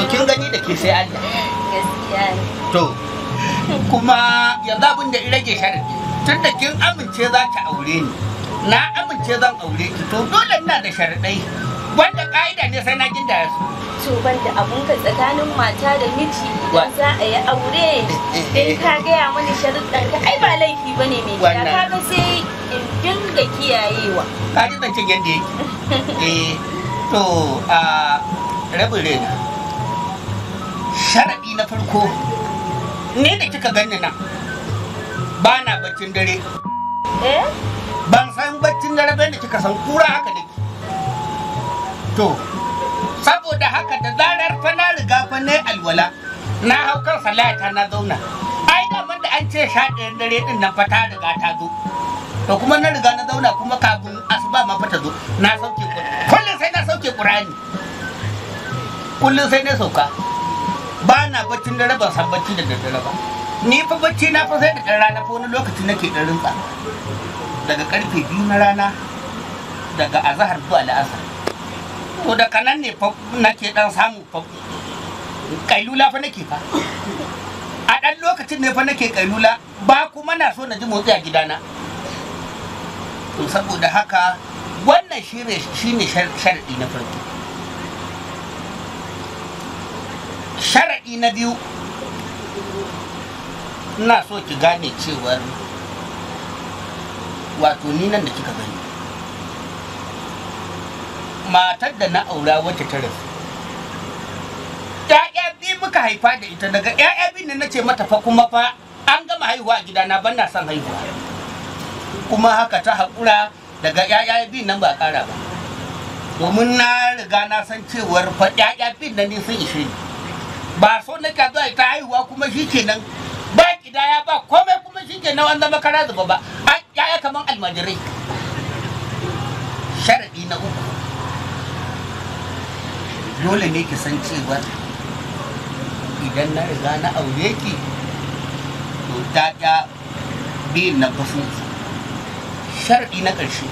to kin gani da ke sai an gaskiya to kuma yanzu abin da rage sharadi tun da kin amince za ki aure ni na amince zan aure ki to dole ina da sharadai wanda ka'ida ne sai na ginda su to ban da abun ka tsakanin mata da miji idan za a yi aure eh, eh, in ka gaya mani sharuɗan ka ai ba laifi ba ne mai gida ka ga sai in dinga kiyayewa ka ji zancen yadda yake eh to a rabin rena. sharaɗi na farko ne da kika gani nan ba na baccin dare eh? ban san baccin dare ba da kika san kura haka ne to saboda haka da zarar fa na riga fa ne alwala na hau kan salata na zauna ai kamar da an ce sha ɗayan dare din nan fa ta riga ta zo to kuma na riga na zauna kuma kafin asuba ma fa ta zo na sauke kullum sai na sauke ƙurani kullum sai na sauka ba na baccin dare ban san bacci da daddare ba ni fa bacci na fa sai da rana fa wani lokaci nake ɗan rinka daga karfe biyu na rana daga azahar zuwa la'asar to da kanan ne fa nake ɗan samu fa kailula fa nake fa a ɗan lokacin ne fa nake kailula ba kuma na so na ji motsi a gidana to saboda haka wannan shine sharaɗi na farko sharaɗi na biyu ina so ki gane cewar wato ni nan da kika gani matar da na aura wata ta rasu ‘ya'ya bi muka haifa da ita daga ‘ya'ya bi ne na ce mata fa kuma fa an gama haihuwa a gidana na banna son haihuwa kuma haka ta haƙura daga ‘ya'ya bi nan ba kara ba domin na riga na san cewar fa ‘ya'ya bi nan ne sun ishe ni ba so na ka zuwa ta haihuwa kuma shi kenan ba kidaya ba komai kuma shi kenan an zama kara zuba ba Ya yaya kaman almajirai Sharadi na uku dole ne ki san cewa idan na riga na aure ki to ta ta biyin na kusu Sharadi na ƙarshe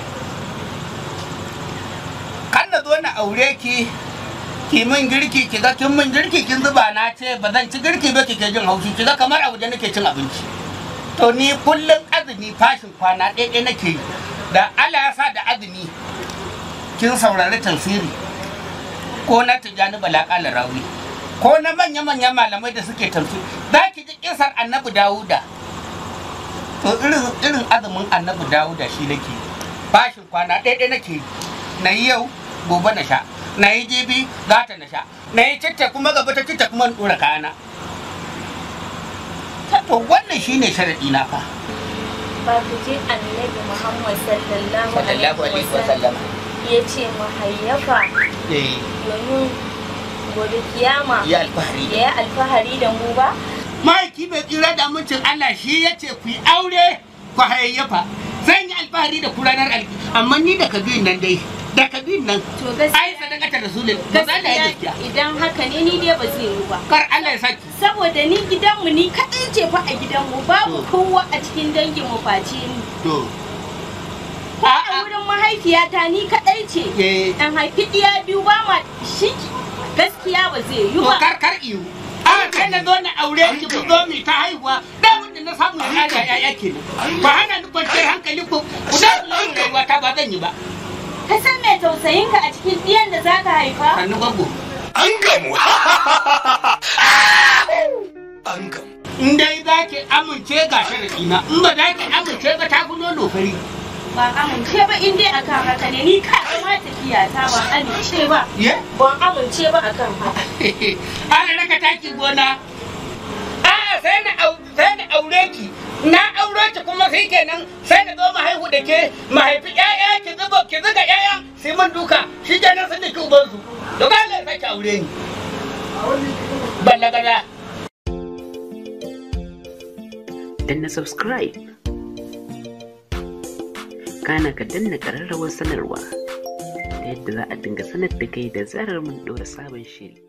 kan na zo na aure ki ki min girki ki ga kin min girki kin zuba na ce ba zan ci girki ba kike jin haushi ki ga kamar a da nake cin abinci to ni kullum azumi fashin kwana ɗaya nake yi da Allah ya sa da azumi kin saurari tafsiri ko na tijani balakala rawi ko na manya manya malamai da suke tafsiri za ki ji kisar annabi dawuda to irin azumin annabi dawuda shi nake fashin kwana ɗaya nake na yau gobe na sha na yi jibi za ta nasha, na yi citta kuma gaba ta citta kuma ɗora kayana to wannan ne sharaɗi na fa ba ku ji annabi muhammad sallallahu alaihi wasallam ya ce mahayyafa eh. domin gobe kiyama ya yi alfahari da mu ba Mahaiki bai tsira da amincin allah shi ya ce ku yi aure ku hayayyafa zan yi alfahari da ku ranar amma ni da kabirin nan dai da ka bin nan ai sadaka ta rasulin ba za da gaskiya idan haka ne ni dai ba zai yi ba kar Allah ya saki saboda ni gidanmu ni kadai ce fa a gidanmu babu kowa a cikin dangin mu face ni to a wurin mahaifiyata ni kadai ce dan eh. haifi diya biyu ba ma shi gaskiya ba zai yi ba kar kar iyo a kai na zo na aure ki ku zo mi ta haihuwa da wanda na samu ya ya kenan. ba hana ni kwanciyar hankali ku ku da rayuwa ta ba zan yi ba ka san mai ka a cikin ɗiyan da za ka haifa? Hannu babu. An gamu! An gamu. In dai za ki amince ga sharaɗina, in ba za ki amince ba ta kuno lofari. Ba amince ba in dai akan haka ne, ni ka kama tafiya ta ban amince ba. Ba amince ba akan haka. Ana raka taki gona. A'a sai na aure ki. Na shi kenan sai ka zo mahaihu da ke mahaifi ƴaƴa ki zuba ki zuga ƴaƴa sai mun duka shi kenan sun duki uban su to ga Allah sai ka aure ni ballagana danna subscribe kana ka danna ƙararrawar sanarwa ta yadda za a dinga sanar da kai da zarar mun ɗora sabon shiri